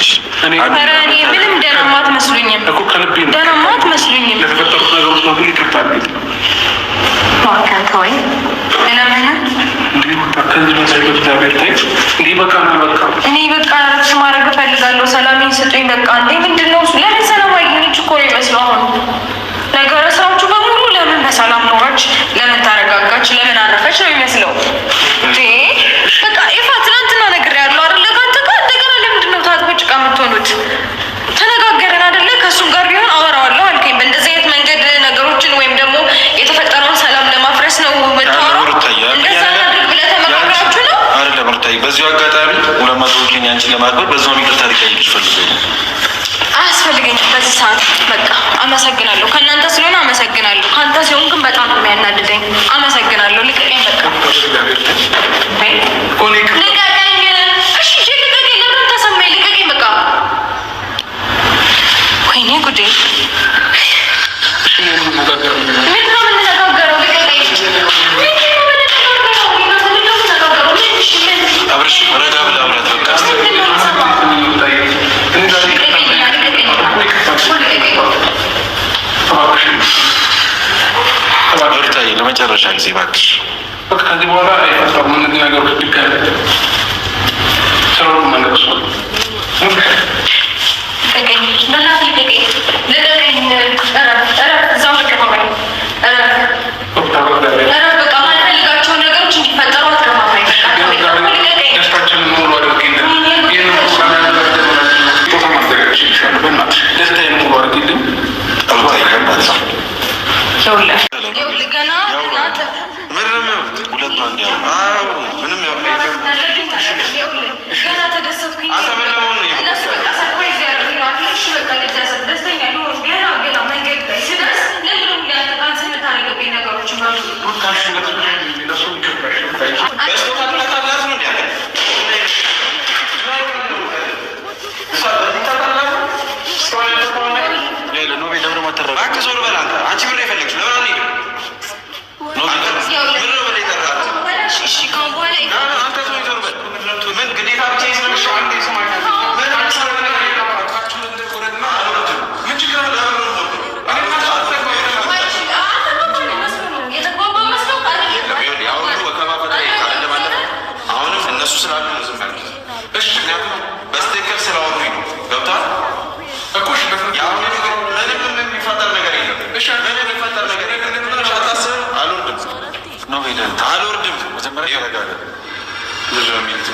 ትችላለሽ። ምንም ደህናማ መስሉኝም እኮ ከልቤ ነው። ደህናማ አትመስሉኝም። ለተፈጠሩት ነገሮች በሙሉ ይቅርታ ቤት እኔ በቃ ረፍት ማድረግ እፈልጋለሁ። ሰላሜን ስጡኝ በቃ። እንዴ ምንድን ነው እሱ? ለምን ሰላም አግኝች እኮ ነው ይመስለው አሁን ነገረ ስራችሁ በሙሉ ለምን በሰላም ኖረች፣ ለምን ታረጋጋች፣ ለምን አረፈች ነው ይመስለው ታይ በዚሁ አጋጣሚ ሁለት መቶ ኬን አንቺን ለማክበር በዛው ይቅርታ ልጠይቅ ፈልገ አያስፈልገኝም በዚህ ሰዓት በቃ አመሰግናለሁ። ከእናንተ ስለሆነ አመሰግናለሁ። ከአንተ ሲሆን ግን በጣም ነው የሚያናድደኝ አመሰግናለሁ። ልቀቀኝ በቃ ለመጨረሻ ጊዜ እባክሽ። ከዚህ በኋላ አይፈጠሩ ምንድ ነገሮች ድጋሚ ስለሁሉ መንገድ Vacas er ou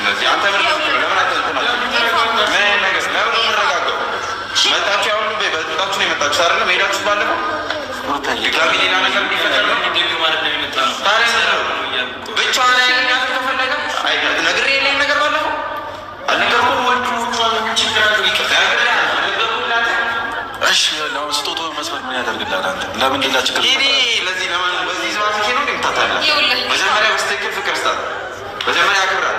እነዚህ አንተ ምን ለምን አንተ እንትን አለ ምን ነው የመጣችሁ አይደለም? ሄዳችሁ ባለፈው ድጋሚ ሌላ ነገር ችግር ለዚህ ለማን በዚህ ነው መጀመሪያ በስተክል መጀመሪያ አክብራት።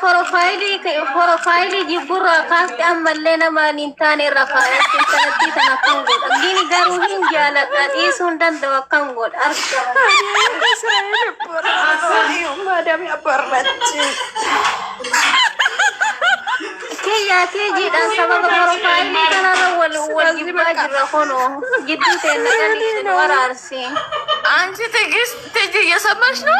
profaayilii profaayilii gurraa kaafte ammallee namaan hin taane irraa kaa'etti kanatti kan akkan godha. Gini garuu hin jaaladha dhiisuu hin Kaya akkan godha. sama jiidhaan sababa profaayilii kanarra wal jibbaa jirra kunoo gidduu ta'e naqanii waraarsi. አንቺ ትዕግስት ትዕግስት እየሰማሽ ነው።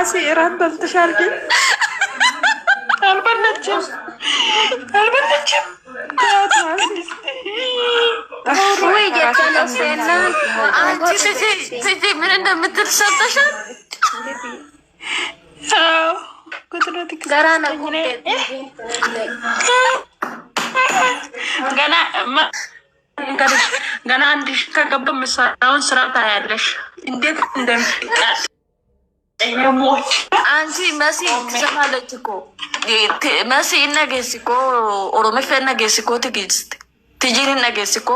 መሲ እራት በልተሻል ግን አልበላችም አልበላችም ምን እንደምትል ሰምተሻል? ገና አንድ ሺህ ከገባ መሰራውን ስራ ታያለሽ። እንዴት እንደምትሞች አንቺ መሲ ትሰማለች እኮ መሲ ነገ ሲኮ ኦሮሜፌ ነገ ሲኮ ትግስት ትጅሪ ነገ ሲኮ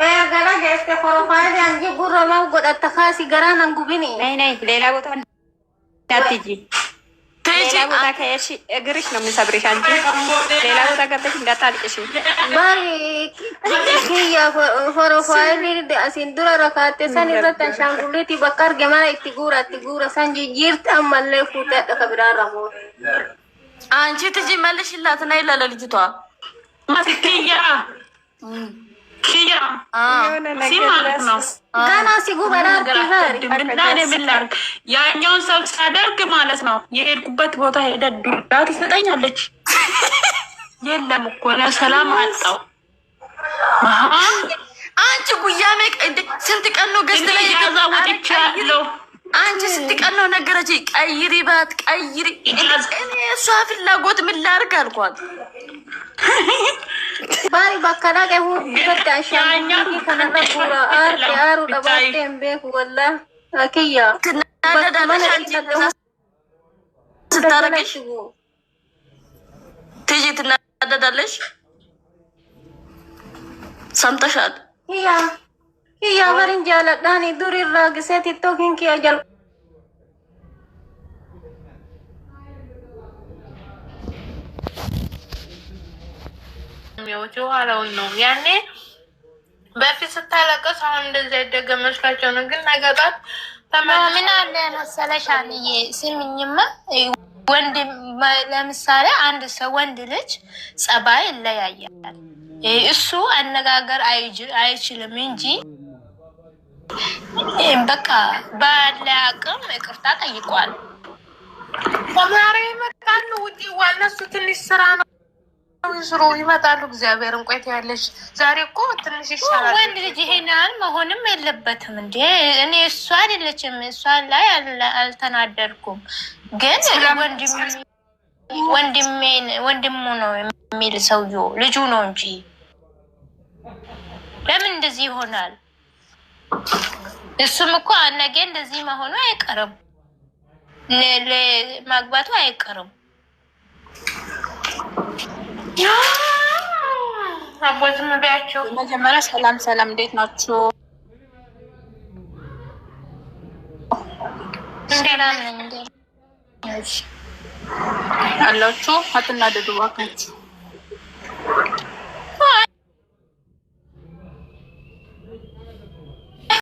አንቺ ትጂ መልሽላት እና ይላለ ልጅቷ ገና ሲጉበላ ብላርግ ያኛውን ሰው ሳደርግ ማለት ነው የሄድኩበት ቦታ ሄደ ዱላ ትሰጠኛለች። የለም እኮ ለሰላም አጣው። አንቺ ጉያሜ ስንት ቀን ነው ገዝት ላይ ዛ ወጥቻ ያለው አንቺ ስንት ቀን ነው ነገረች። ቀይሪ ባት ቀይሪ እሷ ፍላጎት ምን ላርግ አልኳት። バリ બકરા કે હું સત્તાશિયાની કોન પર ફૂલ આર ક્યાર ઉડવાતે એમ બે કોલ્લા આ કિયા તાર કશ તે જીત નદદલશ સમતાશાલ યે યાર ઇંગા લા દાની દૂર રાગ સે તિતો ગી કે જલ የሚወት የኋላውን ነው ያኔ በፊት ስታለቀስ አሁን እንደዚህ ያደገ መስሏቸው ነው። ግን ነገጣት ምን አለ መሰለሽ አንዬ ወንድ ለምሳሌ አንድ ሰው ወንድ ልጅ ጸባይ ይለያያል። እሱ አነጋገር አይችልም እንጂ በቃ ባለ አቅም ይቅርታ ጠይቋል። ተማሪ ይመጣሉ። ውጪ ዋነሱ ትንሽ ስራ ነው ስሩ ይመጣሉ። እግዚአብሔር እንቆይት ያለች ዛሬ እኮ ትንሽ ይሻላል። ወንድ ልጅ ይሄናል መሆንም የለበትም እንዴ። እኔ እሷ አይደለችም እሷ ላይ አልተናደድኩም፣ ግን ወንድሜን ወንድሙ ነው የሚል ሰውዬው ልጁ ነው እንጂ ለምን እንደዚህ ይሆናል? እሱም እኮ ነገ እንደዚህ መሆኑ አይቀርም፣ ማግባቱ አይቀርም። አቦዝም መጀመሪያ ሰላም ሰላም፣ እንዴት ናችሁ? ሰላም አላችሁ። አትናደዱ እባካችሁ።